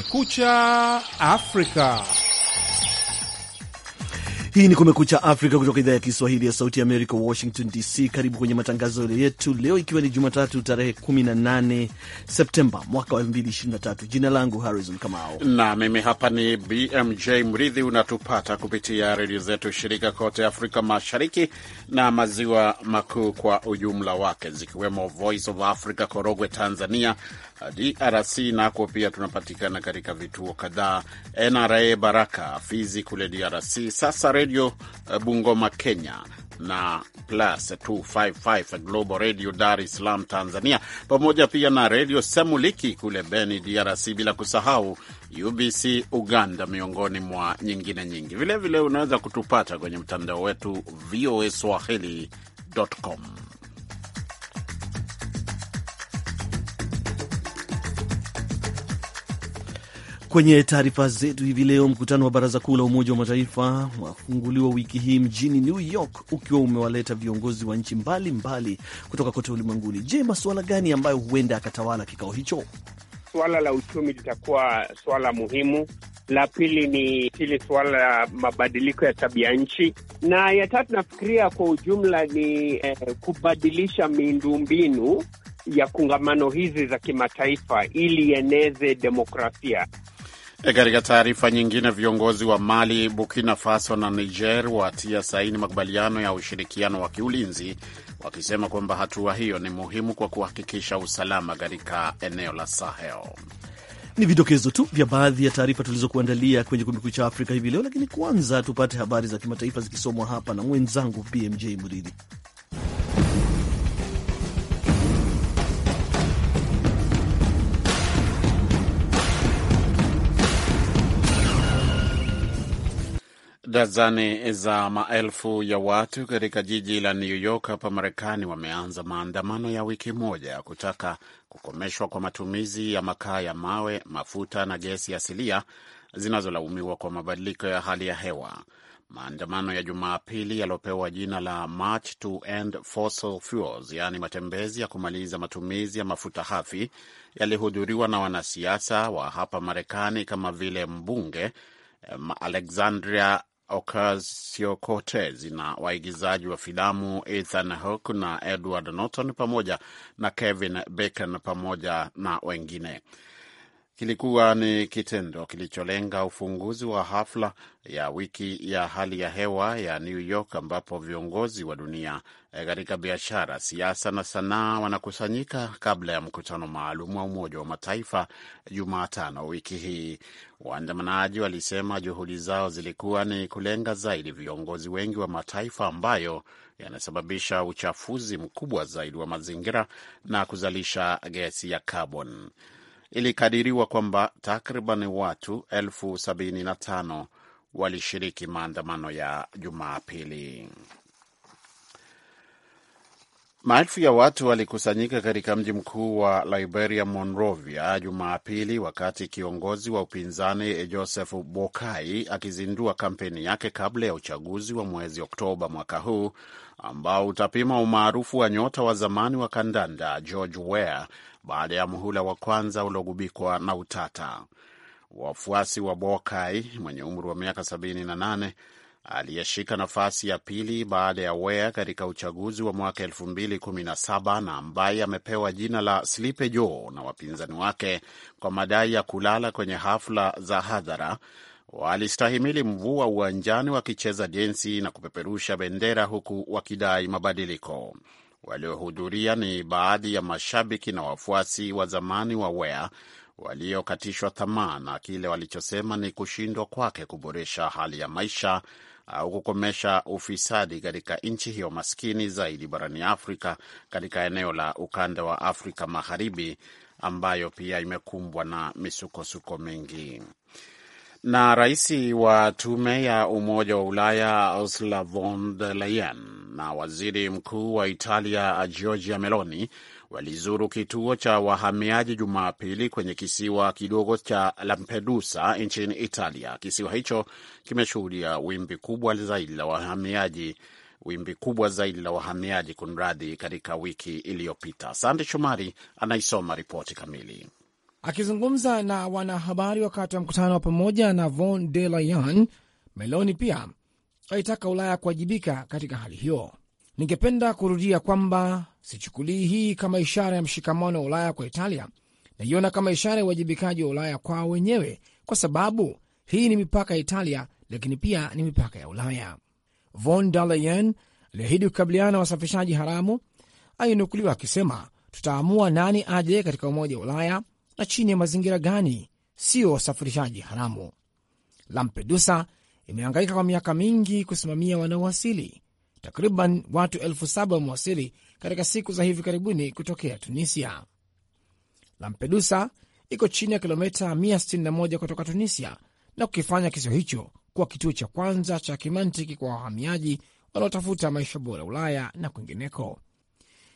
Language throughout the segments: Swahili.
Kumekucha Afrika. Hii ni Kumekucha Afrika kutoka idhaa ya Kiswahili ya Sauti ya Amerika, Washington DC. Karibu kwenye matangazo yetu leo, ikiwa ni Jumatatu tarehe 18 Septemba mwaka wa 2023. Jina langu Harrison Kamau na mimi hapa ni BMJ Mridhi. Unatupata kupitia redio zetu shirika kote Afrika Mashariki na Maziwa Makuu kwa ujumla wake, zikiwemo Voice of Africa Korogwe Tanzania, DRC nako pia tunapatikana katika vituo kadhaa, NRA Baraka Fizi kule DRC, sasa redio eh, Bungoma Kenya na plus 255 Global Radio Dar es Salaam Tanzania, pamoja pia na redio Semuliki kule Beni DRC, bila kusahau UBC Uganda, miongoni mwa nyingine nyingi. Vilevile vile unaweza kutupata kwenye mtandao wetu voa swahili.com. Kwenye taarifa zetu hivi leo, mkutano wa baraza kuu la Umoja wa Mataifa wafunguliwa wiki hii mjini New York ukiwa umewaleta viongozi wa nchi mbalimbali kutoka kote ulimwenguni. Je, masuala gani ambayo huenda akatawala kikao hicho? Suala la uchumi litakuwa suala muhimu. La pili ni hili suala la mabadiliko ya tabia nchi, na ya tatu nafikiria kwa ujumla ni eh, kubadilisha miundombinu ya kongamano hizi za kimataifa ili ieneze demokrasia. E, katika taarifa nyingine, viongozi wa Mali, Burkina Faso na Niger watia saini makubaliano ya ushirikiano wa kiulinzi wakisema kwamba hatua hiyo ni muhimu kwa kuhakikisha usalama katika eneo la Sahel. Ni vidokezo tu vya baadhi ya taarifa tulizokuandalia kwenye Kumekuu cha Afrika hivi leo, lakini kwanza tupate habari za kimataifa zikisomwa hapa na mwenzangu BMJ Muridhi. Dazani za maelfu ya watu katika jiji la New York hapa Marekani wameanza maandamano ya wiki moja ya kutaka kukomeshwa kwa matumizi ya makaa ya mawe, mafuta na gesi asilia zinazolaumiwa kwa mabadiliko ya hali ya hewa. Maandamano ya Jumapili yaliyopewa jina la March to End Fossil Fuels, yaani matembezi ya kumaliza matumizi ya mafuta hafi, yalihudhuriwa na wanasiasa wa hapa Marekani kama vile mbunge eh, Alexandria Ocasio-Cortez na waigizaji wa filamu Ethan Hawke na Edward Norton pamoja na Kevin Bacon pamoja na wengine kilikuwa ni kitendo kilicholenga ufunguzi wa hafla ya wiki ya hali ya hewa ya New York ambapo viongozi wa dunia eh, katika biashara, siasa na sanaa wanakusanyika kabla ya mkutano maalum wa Umoja wa Mataifa Jumatano wiki hii. Waandamanaji walisema juhudi zao zilikuwa ni kulenga zaidi viongozi wengi wa mataifa ambayo yanasababisha uchafuzi mkubwa zaidi wa mazingira na kuzalisha gesi ya kaboni ilikadiriwa kwamba takriban watu elfu sabini na tano walishiriki maandamano ya Jumapili. Maelfu ya watu walikusanyika katika mji mkuu wa Liberia, Monrovia, Jumapili, wakati kiongozi wa upinzani Joseph bokai akizindua kampeni yake kabla ya uchaguzi wa mwezi Oktoba mwaka huu, ambao utapima umaarufu wa nyota wa zamani wa kandanda George Weah baada ya muhula wa kwanza uliogubikwa na utata. Wafuasi wa Boakai mwenye umri wa miaka 78 aliyeshika nafasi ya pili baada ya Weah katika uchaguzi wa mwaka 2017 na ambaye amepewa jina la Sleepy Joe na wapinzani wake kwa madai ya kulala kwenye hafla za hadhara walistahimili mvua uwanjani wakicheza jensi na kupeperusha bendera huku wakidai mabadiliko. Waliohudhuria ni baadhi ya mashabiki na wafuasi wa zamani wa wea waliokatishwa tamaa na kile walichosema ni kushindwa kwake kuboresha hali ya maisha au kukomesha ufisadi katika nchi hiyo maskini zaidi barani Afrika, katika eneo la ukanda wa Afrika Magharibi ambayo pia imekumbwa na misukosuko mingi. Na rais wa tume ya Umoja wa Ulaya Ursula von der Leyen na waziri mkuu wa Italia Giorgia Meloni walizuru kituo cha wahamiaji Jumapili kwenye kisiwa kidogo cha Lampedusa nchini Italia. Kisiwa hicho kimeshuhudia wimbi kubwa zaidi la wahamiaji wimbi kubwa zaidi la wahamiaji kunradhi, katika wiki iliyopita. Sande Shomari anaisoma ripoti kamili. Akizungumza na wanahabari wakati wa mkutano wa pamoja na von der Leyen, Meloni pia aitaka Ulaya kuwajibika katika hali hiyo. Ningependa kurudia kwamba sichukulii hii kama ishara ya mshikamano wa Ulaya kwa Italia, naiona kama ishara ya uwajibikaji wa Ulaya kwao wenyewe, kwa sababu hii ni mipaka ya Italia, lakini pia ni mipaka ya Ulaya. Von der Leyen aliahidi kukabiliana na wasafishaji haramu. Alinukuliwa akisema, tutaamua nani aje katika Umoja wa Ulaya na chini ya mazingira gani, sio wasafirishaji haramu. Lampedusa imehangaika kwa miaka mingi kusimamia wanaowasili. Takriban watu elfu saba wamewasili katika siku za hivi karibuni kutokea Tunisia. Lampedusa iko chini ya kilomita 161 kutoka Tunisia na kukifanya kisio hicho kuwa kituo cha kwanza cha kimantiki kwa wahamiaji wanaotafuta maisha bora Ulaya na kwingineko.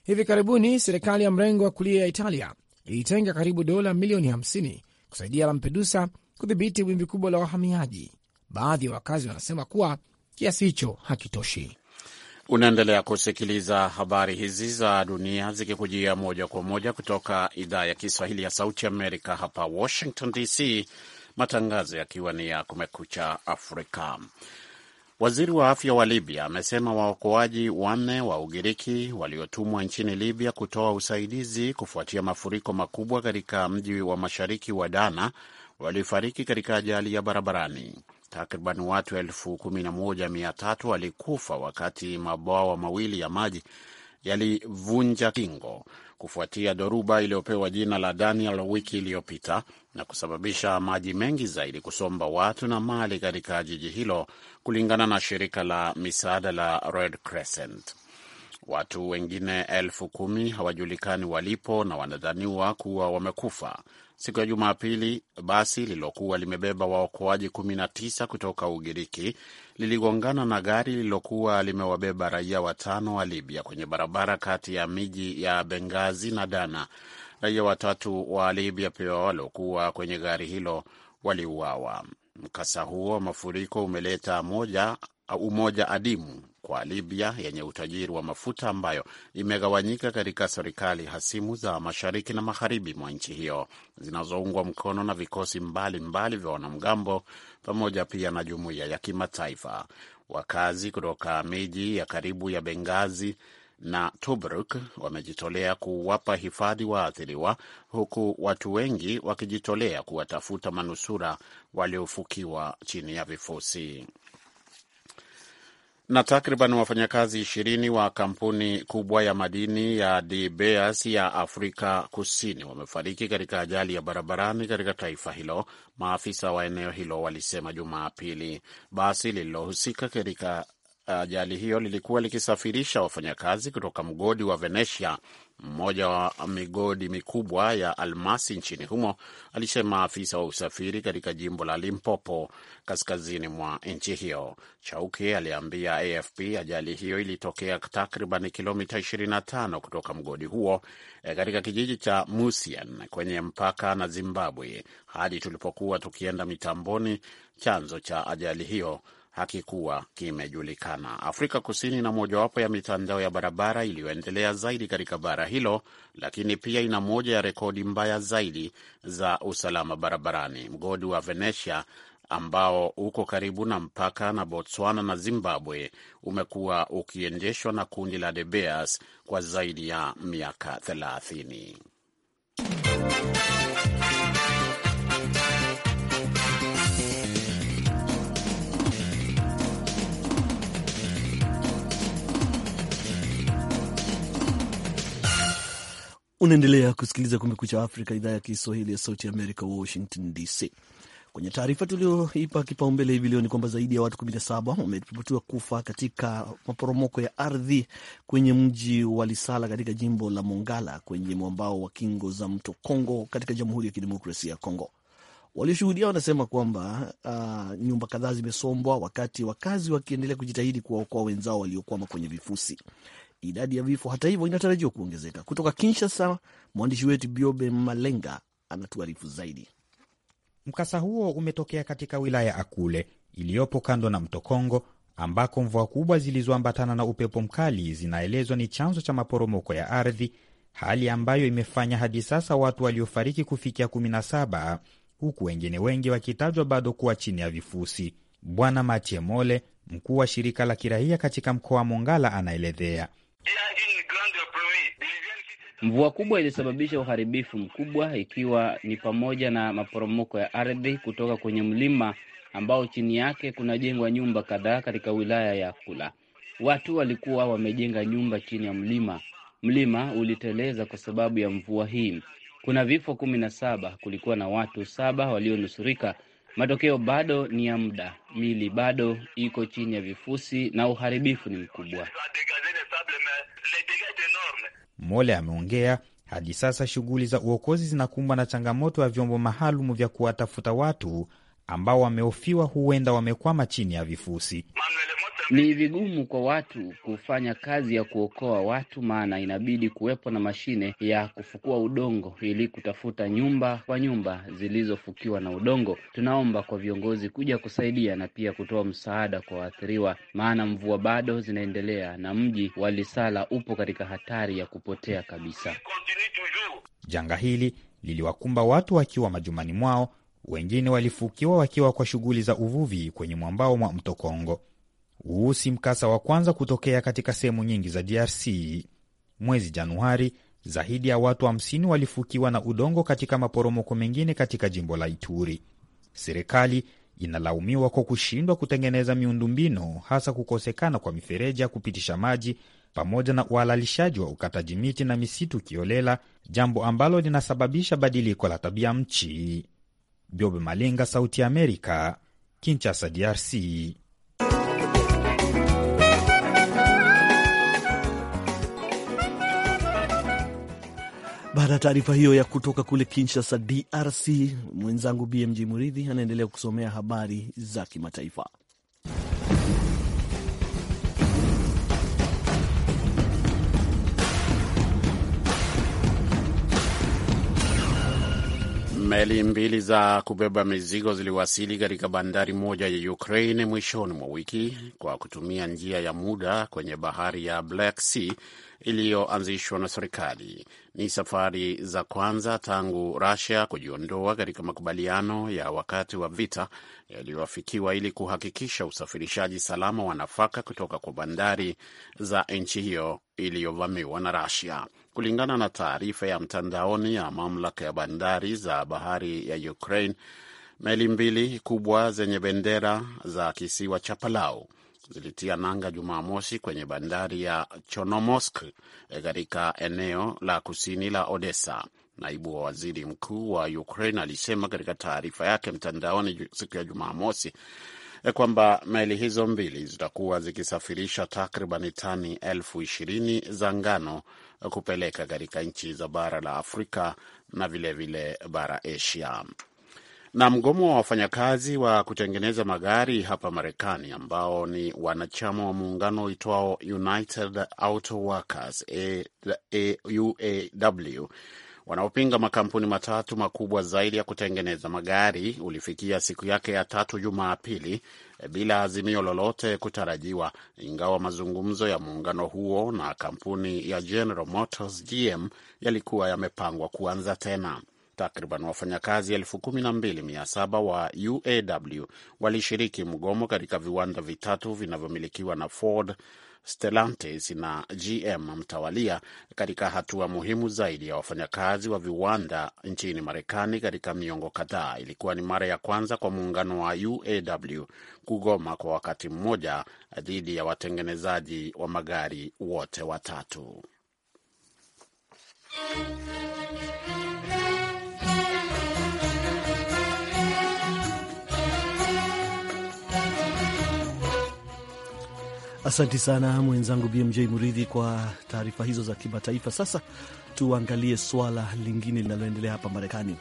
Hivi karibuni serikali ya mrengo wa kulia ya Italia ilitenga karibu dola milioni 50 kusaidia Lampedusa kudhibiti wimbi kubwa la wahamiaji. Baadhi ya wakazi wanasema kuwa kiasi hicho hakitoshi. Unaendelea kusikiliza habari hizi za dunia zikikujia moja kwa moja kutoka idhaa ya Kiswahili ya Sauti Amerika, hapa Washington DC, matangazo yakiwa ni ya Kumekucha Afrika. Waziri wa afya wa Libya amesema waokoaji wanne wa Ugiriki waliotumwa nchini Libya kutoa usaidizi kufuatia mafuriko makubwa katika mji wa mashariki wa Dana walifariki katika ajali ya barabarani. Takriban watu elfu kumi na moja mia tatu walikufa wakati mabwawa mawili ya maji yalivunja kingo kufuatia dhoruba iliyopewa jina la Daniel wiki iliyopita na kusababisha maji mengi zaidi kusomba watu na mali katika jiji hilo, kulingana na shirika la misaada la Red Crescent. Watu wengine elfu kumi hawajulikani walipo na wanadhaniwa kuwa wamekufa siku ya Jumapili, basi lililokuwa limebeba waokoaji 19 kutoka Ugiriki liligongana na gari lililokuwa limewabeba raia watano wa Libya kwenye barabara kati ya miji ya Bengazi na Dana. Raia watatu wa Libya pia waliokuwa kwenye gari hilo waliuawa. Mkasa huo wa mafuriko umeleta moja, umoja adimu kwa Libya yenye utajiri wa mafuta ambayo imegawanyika katika serikali hasimu za mashariki na magharibi mwa nchi hiyo zinazoungwa mkono na vikosi mbalimbali vya wanamgambo pamoja pia na jumuiya ya kimataifa. Wakazi kutoka miji ya karibu ya Bengazi na Tobruk wamejitolea kuwapa hifadhi waathiriwa, huku watu wengi wakijitolea kuwatafuta manusura waliofukiwa chini ya vifusi na takriban wafanyakazi ishirini wa kampuni kubwa ya madini ya De Beers ya Afrika Kusini wamefariki katika ajali ya barabarani katika taifa hilo, maafisa wa eneo hilo walisema Jumapili. Basi lililohusika katika ajali hiyo lilikuwa likisafirisha wafanyakazi kutoka mgodi wa Venetia mmoja wa migodi mikubwa ya almasi nchini humo, alisema afisa wa usafiri katika jimbo la Limpopo kaskazini mwa nchi hiyo. Chauki aliambia AFP ajali hiyo ilitokea takriban kilomita 25 kutoka mgodi huo eh, katika kijiji cha Musian kwenye mpaka na Zimbabwe. Hadi tulipokuwa tukienda mitamboni, chanzo cha ajali hiyo hakikuwa kimejulikana. Afrika Kusini ina mojawapo ya mitandao ya barabara iliyoendelea zaidi katika bara hilo, lakini pia ina moja ya rekodi mbaya zaidi za usalama barabarani. Mgodi wa Venetia ambao uko karibu na mpaka na Botswana na Zimbabwe umekuwa ukiendeshwa na kundi la De Beers kwa zaidi ya miaka thelathini. Unaendelea kusikiliza Kumekucha Afrika, idhaa ya Kiswahili ya Sauti Amerika, Washington DC. Kwenye taarifa tulioipa kipaumbele hivi leo ni kwamba zaidi ya watu 17 wameripotiwa kufa katika maporomoko ya ardhi kwenye mji wa Lisala katika jimbo la Mongala kwenye mwambao wa kingo za mto Kongo katika Jamhuri ya Kidemokrasia ya Kongo. Walioshuhudia wanasema kwamba uh, nyumba kadhaa zimesombwa wakati wakazi wakiendelea kujitahidi kuwaokoa wenzao waliokwama kwenye vifusi. Idadi ya vifo hata hivyo inatarajiwa kuongezeka. Kutoka Kinshasa, mwandishi wetu Biobe Malenga anatuarifu zaidi. Mkasa huo umetokea katika wilaya Akule iliyopo kando na mto Kongo, ambako mvua kubwa zilizoambatana na upepo mkali zinaelezwa ni chanzo cha maporomoko ya ardhi, hali ambayo imefanya hadi sasa watu waliofariki kufikia 17 huku wengine wengi wakitajwa bado kuwa chini ya vifusi. Bwana Matiemole, mkuu wa shirika la kiraia katika mkoa wa Mongala, anaelezea Mvua kubwa ilisababisha uharibifu mkubwa, ikiwa ni pamoja na maporomoko ya ardhi kutoka kwenye mlima ambao chini yake kunajengwa nyumba kadhaa katika wilaya ya Kula. Watu walikuwa wamejenga nyumba chini ya mlima. Mlima uliteleza kwa sababu ya mvua hii. Kuna vifo kumi na saba. Kulikuwa na watu saba walionusurika. Matokeo bado ni ya muda, mili bado iko chini ya vifusi na uharibifu ni mkubwa. Mole ameongea hadi sasa shughuli za uokozi zinakumbwa na changamoto ya vyombo maalum vya kuwatafuta watu ambao wamehofiwa huenda wamekwama chini ya vifusi. Ni vigumu kwa watu kufanya kazi ya kuokoa watu, maana inabidi kuwepo na mashine ya kufukua udongo ili kutafuta nyumba kwa nyumba zilizofukiwa na udongo. Tunaomba kwa viongozi kuja kusaidia na pia kutoa msaada kwa waathiriwa, maana mvua bado zinaendelea na mji wa Lisala upo katika hatari ya kupotea kabisa. Janga hili liliwakumba watu wakiwa majumbani mwao wengine walifukiwa wakiwa kwa shughuli za uvuvi kwenye mwambao mwa mto Kongo. Huu si mkasa wa kwanza kutokea katika sehemu nyingi za DRC. Mwezi Januari, zaidi ya watu 50 wa walifukiwa na udongo katika maporomoko mengine katika jimbo la Ituri. Serikali inalaumiwa kwa kushindwa kutengeneza miundombinu, hasa kukosekana kwa mifereji ya kupitisha maji pamoja na uhalalishaji wa ukataji miti na misitu kiolela, jambo ambalo linasababisha badiliko la tabia mchi. Bob Malenga, Sauti ya Amerika, Kinchasa, DRC. Baada ya taarifa hiyo ya kutoka kule Kinshasa, DRC, mwenzangu bmg Muridhi anaendelea kusomea habari za kimataifa. Meli mbili za kubeba mizigo ziliwasili katika bandari moja ya Ukraine mwishoni mwa wiki kwa kutumia njia ya muda kwenye bahari ya Black Sea iliyoanzishwa na serikali. Ni safari za kwanza tangu Russia kujiondoa katika makubaliano ya wakati wa vita yaliyoafikiwa ili kuhakikisha usafirishaji salama wa nafaka kutoka kwa bandari za nchi hiyo iliyovamiwa na Russia. Kulingana na taarifa ya mtandaoni ya mamlaka ya bandari za bahari ya Ukraine, meli mbili kubwa zenye bendera za kisiwa cha Palau zilitia nanga Jumamosi kwenye bandari ya chonomosk eh, katika eneo la kusini la Odessa. Naibu wa waziri mkuu wa Ukraine alisema katika taarifa yake mtandaoni siku ya Jumamosi kwamba meli hizo mbili zitakuwa zikisafirisha takribani tani elfu ishirini za ngano kupeleka katika nchi za bara la Afrika na vilevile vile bara Asia. Na mgomo wa wafanyakazi wa kutengeneza magari hapa Marekani ambao ni wanachama wa muungano uitwao United Auto Workers, wanaopinga makampuni matatu makubwa zaidi ya kutengeneza magari ulifikia siku yake ya tatu Jumapili eh, bila azimio lolote kutarajiwa, ingawa mazungumzo ya muungano huo na kampuni ya General Motors GM yalikuwa yamepangwa kuanza tena. Takriban wafanyakazi elfu wa UAW walishiriki mgomo katika viwanda vitatu vinavyomilikiwa na Ford Stellantis na GM mtawalia katika hatua muhimu zaidi ya wafanyakazi wa viwanda nchini Marekani katika miongo kadhaa. Ilikuwa ni mara ya kwanza kwa muungano wa UAW kugoma kwa wakati mmoja dhidi ya watengenezaji wa magari wote watatu. Asante sana mwenzangu BMJ Muridhi kwa taarifa hizo za kimataifa. Sasa tuangalie swala lingine linaloendelea hapa Marekani.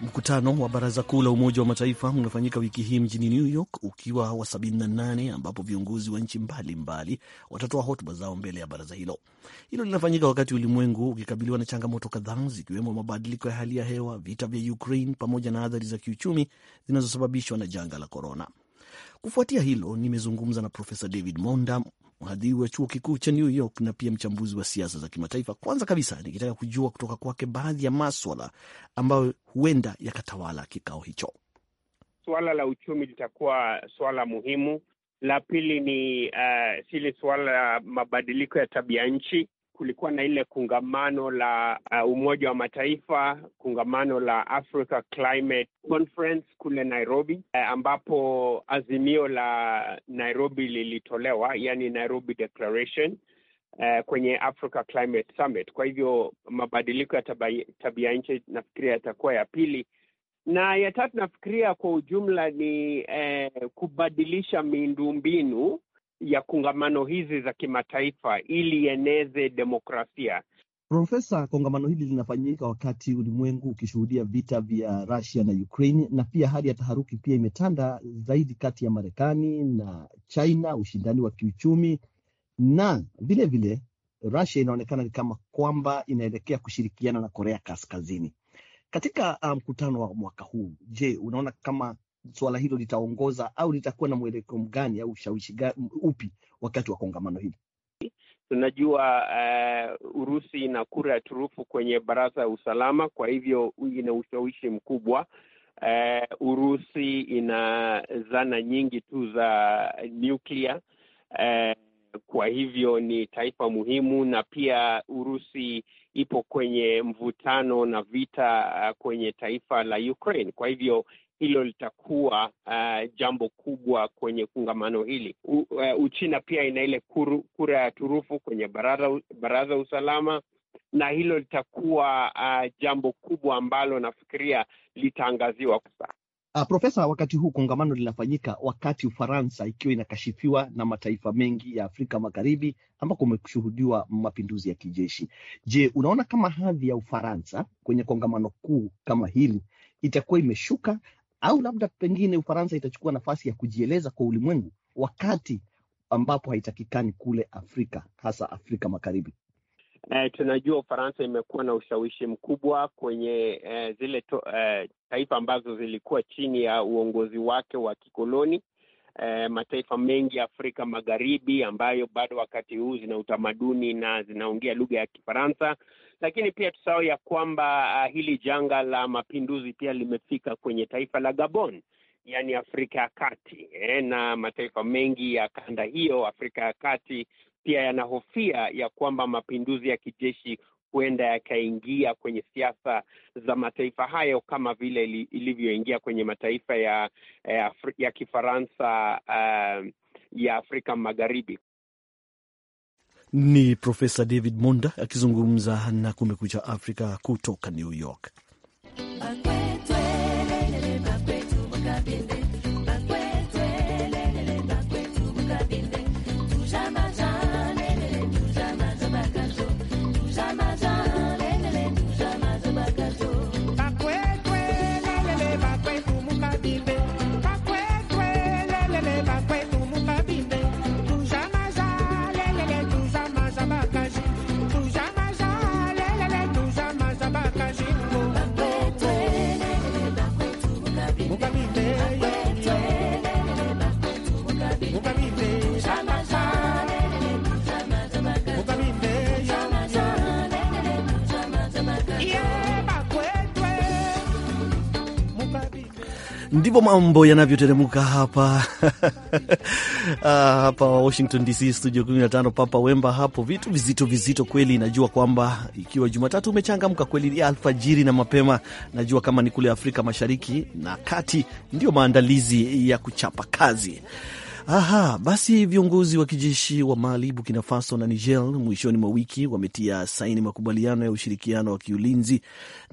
Mkutano wa Baraza Kuu la Umoja wa Mataifa unafanyika wiki hii mjini New York ukiwa wa 78 ambapo viongozi wa nchi mbalimbali watatoa hotuba zao mbele ya baraza hilo. Hilo linafanyika wakati ulimwengu ukikabiliwa na changamoto kadhaa zikiwemo mabadiliko ya hali ya hewa, vita vya Ukraine pamoja na athari za kiuchumi zinazosababishwa na janga la korona. Kufuatia hilo, nimezungumza na Profesa David Monda, mhadhiri wa chuo kikuu cha New York na pia mchambuzi wa siasa za kimataifa, kwanza kabisa nikitaka kujua kutoka kwake baadhi ya maswala ambayo huenda yakatawala kikao hicho. Suala la uchumi litakuwa suala muhimu. La pili ni uh, sili suala la mabadiliko ya tabia nchi kulikuwa na ile kungamano la uh, Umoja wa Mataifa, kungamano la Africa Climate Conference kule Nairobi uh, ambapo azimio la Nairobi lilitolewa, yani Nairobi Declaration uh, kwenye Africa Climate Summit. Kwa hivyo mabadiliko ya tabia nchi nafikiria yatakuwa ya pili na ya tatu nafikiria kwa ujumla ni eh, kubadilisha miundombinu ya kongamano hizi za kimataifa ili ieneze demokrasia. Profesa, kongamano hili linafanyika wakati ulimwengu ukishuhudia vita vya Russia na Ukraine, na pia hali ya taharuki pia imetanda zaidi kati ya Marekani na China, ushindani wa kiuchumi, na vilevile Russia inaonekana ni kama kwamba inaelekea kushirikiana na Korea Kaskazini katika ah, mkutano um, wa mwaka huu. Je, unaona kama suala hilo litaongoza au litakuwa na mwelekeo mgani au ushawishi upi wakati wa kongamano hili? Tunajua uh, Urusi ina kura ya turufu kwenye baraza ya usalama, kwa hivyo ina ushawishi mkubwa. Uh, Urusi ina zana nyingi tu za nyuklia uh, eh, kwa hivyo ni taifa muhimu, na pia Urusi ipo kwenye mvutano na vita kwenye taifa la Ukraine. Kwa hivyo hilo litakuwa uh, jambo kubwa kwenye kongamano hili. U, uh, Uchina pia ina ile kura ya turufu kwenye baraza baraza usalama, na hilo litakuwa uh, jambo kubwa ambalo nafikiria litaangaziwa kwa Uh, Profesa, wakati huu kongamano linafanyika wakati Ufaransa ikiwa inakashifiwa na mataifa mengi ya Afrika Magharibi ambako umeshuhudiwa mapinduzi ya kijeshi. Je, unaona kama hadhi ya Ufaransa kwenye kongamano kuu kama hili itakuwa imeshuka au labda pengine Ufaransa itachukua nafasi ya kujieleza kwa ulimwengu wakati ambapo haitakikani kule Afrika, hasa Afrika Magharibi. Eh, tunajua Ufaransa imekuwa na ushawishi mkubwa kwenye eh, zile to, eh, taifa ambazo zilikuwa chini ya uongozi wake wa kikoloni eh, mataifa mengi ya Afrika Magharibi ambayo bado wakati huu zina utamaduni na zinaongea lugha ya Kifaransa, lakini pia tusahau ya kwamba uh, hili janga la mapinduzi pia limefika kwenye taifa la Gabon yaani Afrika ya Kati eh, na mataifa mengi ya kanda hiyo Afrika ya Kati pia yanahofia ya kwamba mapinduzi ya kijeshi huenda yakaingia kwenye siasa za mataifa hayo kama vile ilivyoingia kwenye mataifa ya ya, ya Kifaransa uh, ya Afrika Magharibi. Ni Profesa David Monda akizungumza na Kumekucha Afrika kutoka New York. Ndivyo mambo yanavyoteremka hapa ah, hapa Washington DC, studio 15 Papa Wemba. Hapo vitu vizito vizito kweli. Najua kwamba ikiwa Jumatatu umechangamka kweli alfajiri na mapema, najua kama ni kule Afrika Mashariki na Kati, ndio maandalizi ya kuchapa kazi. Aha, basi viongozi wa kijeshi wa Mali, Burkina Faso na Niger mwishoni mwa wiki wametia saini makubaliano ya ushirikiano wa kiulinzi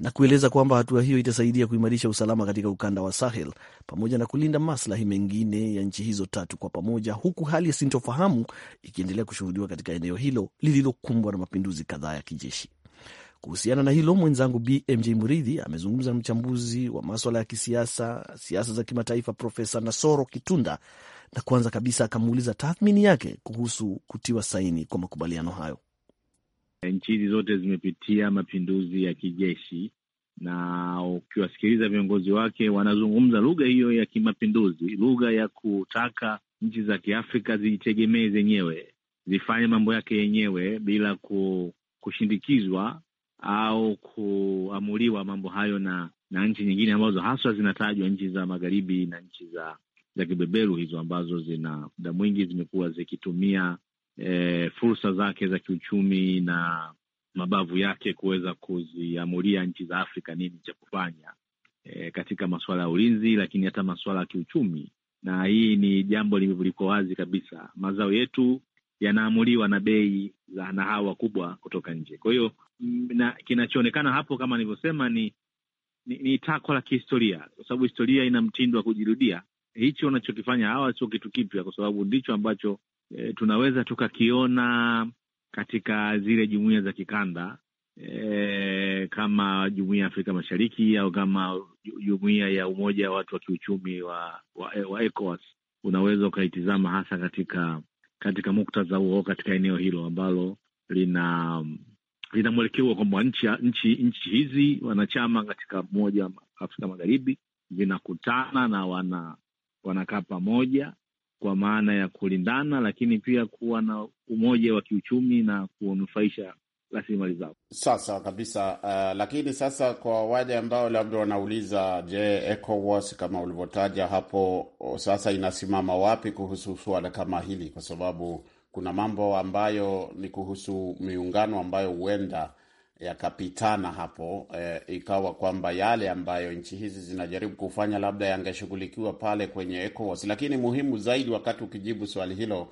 na kueleza kwamba hatua hiyo itasaidia kuimarisha usalama katika ukanda wa Sahel pamoja na kulinda maslahi mengine ya nchi hizo tatu kwa pamoja, huku hali ya sintofahamu ikiendelea kushuhudiwa katika eneo hilo lililokumbwa na mapinduzi kadhaa ya kijeshi. Kuhusiana na hilo, mwenzangu BMJ Muridhi amezungumza na mchambuzi wa maswala ya kisiasa, siasa za kimataifa, Profesa Nasoro Kitunda na kwanza kabisa akamuuliza tathmini yake kuhusu kutiwa saini kwa makubaliano hayo. Nchi hizi zote zimepitia mapinduzi ya kijeshi na ukiwasikiliza viongozi wake wanazungumza lugha hiyo ya kimapinduzi, lugha ya kutaka nchi za Kiafrika zijitegemee zenyewe, zifanye mambo yake yenyewe bila kushindikizwa au kuamuliwa mambo hayo na na nchi nyingine ambazo haswa zinatajwa nchi za magharibi na nchi za za kibeberu hizo ambazo zina muda mwingi zimekuwa zikitumia e, fursa zake za kiuchumi na mabavu yake kuweza kuziamulia nchi za Afrika nini cha kufanya e, katika masuala ya ulinzi, lakini hata masuala ya kiuchumi. Na hii ni jambo liko wazi kabisa, mazao yetu yanaamuliwa na bei za na hawa wakubwa kutoka nje. Kwa hiyo kinachoonekana hapo kama nilivyosema ni ni, ni takwa la kihistoria, kwa sababu historia ina mtindo wa kujirudia hichi wanachokifanya hawa sio kitu kipya, kwa sababu ndicho ambacho e, tunaweza tukakiona katika zile jumuia za kikanda e, kama jumuia ya Afrika Mashariki au kama jumuia ya umoja wa watu wa kiuchumi wa, wa, eh, wa ECOWAS. Unaweza ukaitizama hasa katika katika muktadha huo, katika eneo hilo ambalo lina lina mwelekeo kwamba nchi, nchi, nchi hizi wanachama katika mmoja Afrika Magharibi zinakutana na wana wanakaa pamoja kwa maana ya kulindana, lakini pia kuwa na umoja wa kiuchumi na kunufaisha rasilimali zao. Sasa kabisa. Uh, lakini sasa kwa wale ambao labda wanauliza, je, ECOWAS kama ulivyotaja hapo sasa inasimama wapi kuhusu suala kama hili? Kwa sababu kuna mambo ambayo ni kuhusu miungano ambayo huenda yakapitana hapo e, ikawa kwamba yale ambayo nchi hizi zinajaribu kufanya labda yangeshughulikiwa pale kwenye ECOWAS. Lakini muhimu zaidi, wakati ukijibu swali hilo,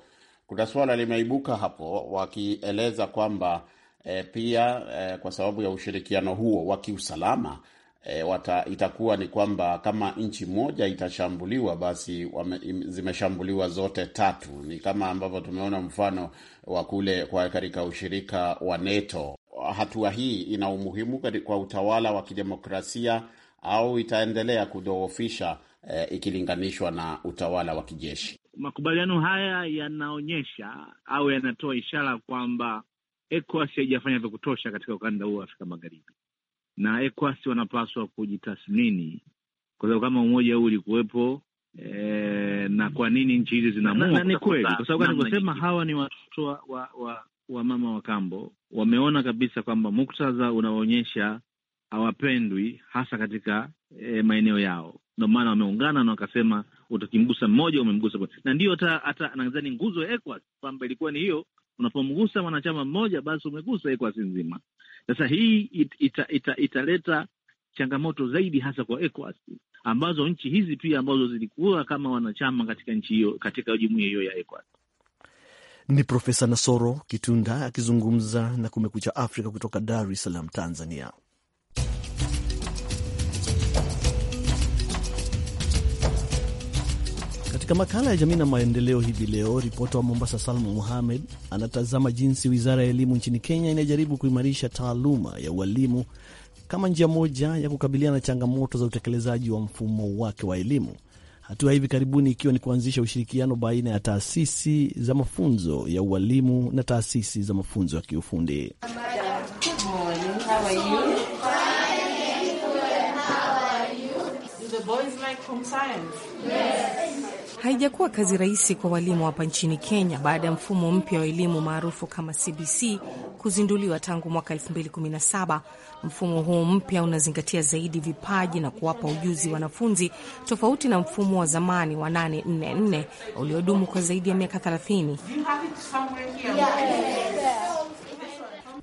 kuna swala limeibuka hapo wakieleza kwamba e, pia e, kwa sababu ya ushirikiano huo wa kiusalama e, wata, itakuwa ni kwamba kama nchi moja itashambuliwa basi wame, zimeshambuliwa zote tatu. Ni kama ambavyo tumeona mfano wa kule kwa katika ushirika wa NATO hatua hii ina umuhimu kwa utawala wa kidemokrasia au itaendelea kudhoofisha eh, ikilinganishwa na utawala wa kijeshi? Makubaliano haya yanaonyesha au yanatoa ishara kwamba ECOWAS haijafanya vya kutosha katika ukanda huu wa Afrika Magharibi, na ECOWAS wanapaswa kujitathmini kwa sababu kama umoja huu ulikuwepo eh, na kwa nini nchi hizi zinamua. Ni kweli kwa sababu anavyosema hawa ni watoto wa, wa, wa mama wa kambo wameona kabisa kwamba muktadha unaonyesha hawapendwi hasa katika e, maeneo yao. Ndio maana wameungana na wakasema utakimgusa mmoja umemgusa, na ndio hata hata nadhani nguzo ya ECOWAS kwamba ilikuwa ni hiyo, unapomgusa mwanachama mmoja basi umegusa ECOWAS nzima. Sasa hii it, ita, ita, italeta changamoto zaidi hasa kwa ECOWAS ambazo nchi hizi pia ambazo zilikuwa kama wanachama katika nchi hiyo katika jumuiya hiyo ya ECOWAS. Ni Profesa Nasoro Kitunda akizungumza na Kumekucha Afrika kutoka Dar es Salaam, Tanzania. Katika makala ya jamii na maendeleo hivi leo, ripota wa Mombasa Salma Muhamed anatazama jinsi wizara ya elimu nchini Kenya inajaribu kuimarisha taaluma ya ualimu kama njia moja ya kukabiliana na changamoto za utekelezaji wa mfumo wake wa elimu hatua hivi karibuni ikiwa ni kuanzisha ushirikiano baina ya taasisi za mafunzo ya ualimu na taasisi za mafunzo ya kiufundi. Haijakuwa kazi rahisi kwa walimu hapa nchini Kenya baada ya mfumo mpya wa elimu maarufu kama CBC kuzinduliwa tangu mwaka 2017. Mfumo huu mpya unazingatia zaidi vipaji na kuwapa ujuzi wanafunzi, tofauti na mfumo wa zamani wa 844 uliodumu kwa zaidi ya miaka 30.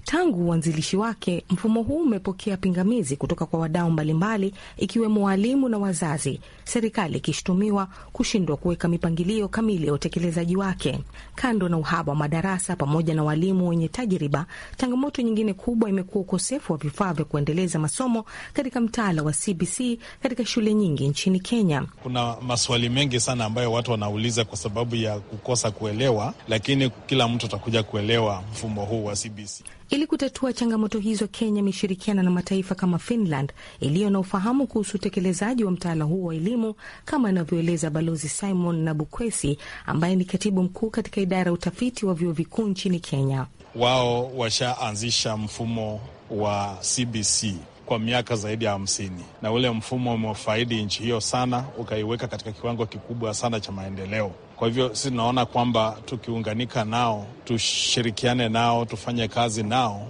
Tangu uanzilishi wake, mfumo huu umepokea pingamizi kutoka kwa wadau mbalimbali, ikiwemo waalimu na wazazi, serikali ikishutumiwa kushindwa kuweka mipangilio kamili ya utekelezaji wake. Kando na uhaba wa madarasa pamoja na walimu wenye tajriba, changamoto nyingine kubwa imekuwa ukosefu wa vifaa vya kuendeleza masomo katika mtaala wa CBC katika shule nyingi nchini Kenya. Kuna maswali mengi sana ambayo watu wanauliza kwa sababu ya kukosa kuelewa, lakini kila mtu atakuja kuelewa mfumo huu wa CBC. Ili kutatua changamoto hizo, Kenya imeshirikiana na mataifa kama Finland iliyo na ufahamu kuhusu utekelezaji wa mtaala huo wa elimu, kama anavyoeleza Balozi Simon Nabukwesi ambaye ni katibu mkuu katika idara ya utafiti wa vyuo vikuu nchini Kenya. Wao washaanzisha mfumo wa CBC kwa miaka zaidi ya hamsini na ule mfumo umefaidi nchi hiyo sana, ukaiweka katika kiwango kikubwa sana cha maendeleo. Kwa hivyo si tunaona kwamba tukiunganika nao, tushirikiane nao, tufanye kazi nao,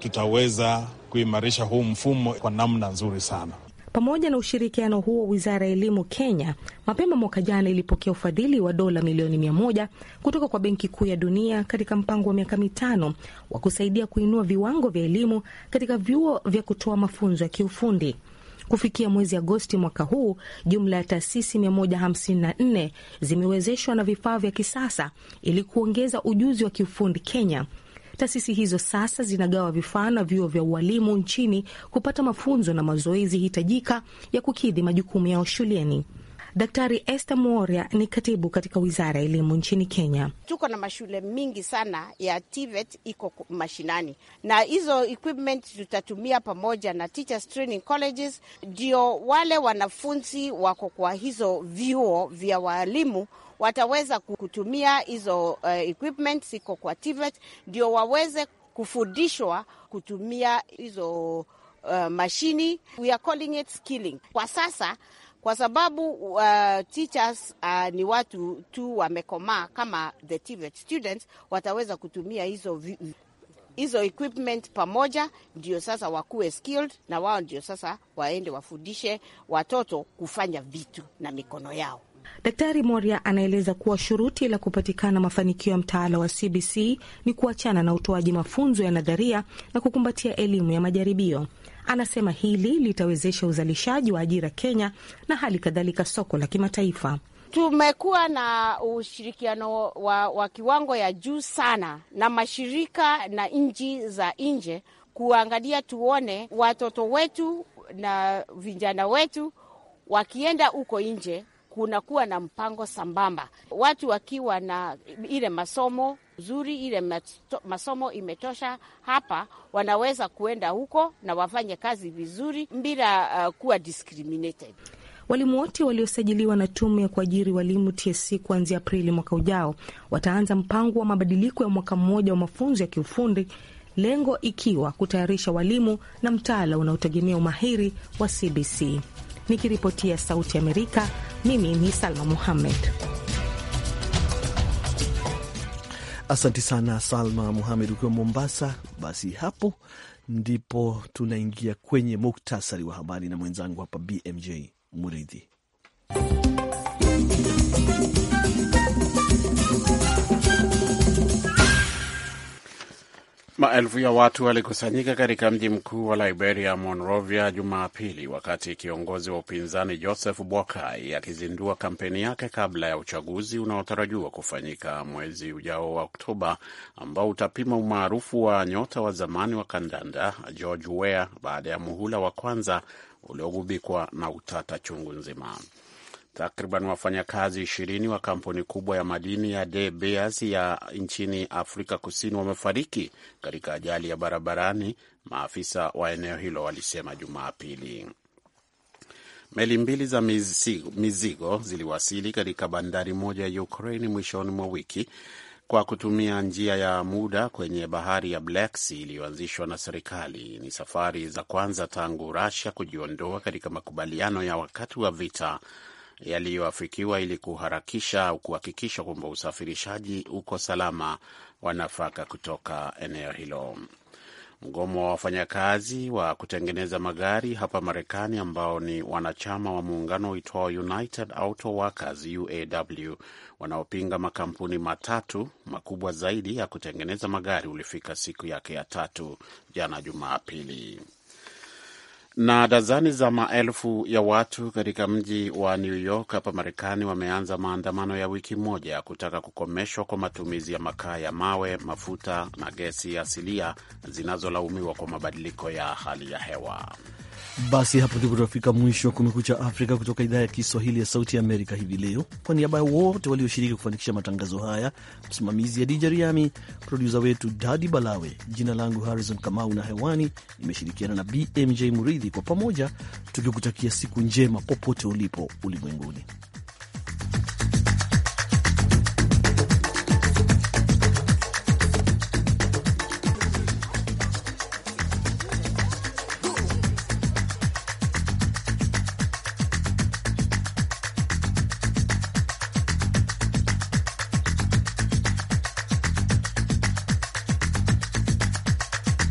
tutaweza kuimarisha huu mfumo kwa namna nzuri sana. Pamoja na ushirikiano huo, wizara ya elimu Kenya mapema mwaka jana ilipokea ufadhili wa dola milioni mia moja kutoka kwa Benki Kuu ya Dunia katika mpango wa miaka mitano wa kusaidia kuinua viwango vya elimu katika vyuo vya kutoa mafunzo ya kiufundi. Kufikia mwezi Agosti mwaka huu, jumla ya taasisi 154 zimewezeshwa na vifaa vya kisasa ili kuongeza ujuzi wa kiufundi Kenya. Taasisi hizo sasa zinagawa vifaa na vyuo vya ualimu nchini kupata mafunzo na mazoezi hitajika ya kukidhi majukumu yao shuleni. Daktari Esther Mworia ni katibu katika wizara ya elimu nchini Kenya. Tuko na mashule mingi sana ya TVET iko mashinani, na hizo equipment tutatumia pamoja na teachers training colleges, ndio wale wanafunzi wako kwa hizo vyuo vya waalimu wataweza kutumia hizo uh, equipment ziko kwa TVET ndio waweze kufundishwa kutumia hizo uh, mashini. We are calling it skilling. Kwa sasa kwa sababu uh, teachers uh, ni watu tu wamekomaa kama the TVET students wataweza kutumia hizo hizo equipment pamoja, ndio sasa wakuwe skilled, na wao ndio sasa waende wafundishe watoto kufanya vitu na mikono yao. Daktari Moria anaeleza kuwa shuruti la kupatikana mafanikio ya mtaala wa CBC ni kuachana na utoaji mafunzo ya nadharia na kukumbatia elimu ya majaribio. Anasema hili litawezesha uzalishaji wa ajira Kenya na hali kadhalika soko la kimataifa. Tumekuwa na ushirikiano wa, wa kiwango ya juu sana na mashirika na nchi za nje kuangalia tuone watoto wetu na vijana wetu wakienda huko nje kunakuwa na mpango sambamba, watu wakiwa na ile masomo zuri ile masomo imetosha hapa, wanaweza kuenda huko na wafanye kazi vizuri bila uh, kuwa discriminated. Walimu wote waliosajiliwa na tume ya kuajiri walimu TSC kuanzia Aprili mwaka ujao wataanza mpango wa mabadiliko ya mwaka mmoja wa mafunzo ya kiufundi, lengo ikiwa kutayarisha walimu na mtaala unaotegemea umahiri wa CBC. Nikiripotia Sauti Amerika, mimi ni Salma Muhammed. Asante sana Salma Muhamed ukiwa Mombasa. Basi hapo ndipo tunaingia kwenye muktasari wa habari na mwenzangu hapa BMJ Muridhi. Maelfu ya watu walikusanyika katika mji mkuu wa Liberia, Monrovia, Jumapili, wakati kiongozi wa upinzani Joseph Boakai akizindua kampeni yake kabla ya uchaguzi unaotarajiwa kufanyika mwezi ujao wa Oktoba, ambao utapima umaarufu wa nyota wa zamani wa kandanda George Weah baada ya muhula wa kwanza uliogubikwa na utata chungu nzima. Takriban wafanyakazi ishirini wa kampuni kubwa ya madini ya De Beers ya nchini Afrika Kusini wamefariki katika ajali ya barabarani, maafisa wa eneo hilo walisema Jumapili. Meli mbili za mizigo, mizigo ziliwasili katika bandari moja ya Ukraine mwishoni mwa wiki kwa kutumia njia ya muda kwenye bahari ya Black Sea iliyoanzishwa na serikali. Ni safari za kwanza tangu Russia kujiondoa katika makubaliano ya wakati wa vita yaliyoafikiwa ili kuharakisha au kuhakikisha kwamba usafirishaji uko salama wa nafaka kutoka eneo hilo. Mgomo wa wafanyakazi wa kutengeneza magari hapa Marekani ambao ni wanachama wa muungano uitwao United Auto Workers UAW, wanaopinga makampuni matatu makubwa zaidi ya kutengeneza magari ulifika siku yake ya tatu jana Jumapili. Na dazani za maelfu ya watu katika mji wa New York hapa Marekani wameanza maandamano ya wiki moja kutaka kukomeshwa kwa matumizi ya makaa ya mawe, mafuta na gesi asilia zinazolaumiwa kwa mabadiliko ya hali ya hewa. Basi hapo ndipo tunafika mwisho wa Kumekucha Afrika kutoka idhaa ya Kiswahili ya Sauti ya Amerika hivi leo. Kwa niaba ya wote walioshiriki kufanikisha matangazo haya, msimamizi ya Dija Riami, produsa wetu Dadi Balawe, jina langu Harrison Kamau na hewani nimeshirikiana na BMJ Muridhi, kwa pamoja tukikutakia siku njema popote ulipo ulimwenguni.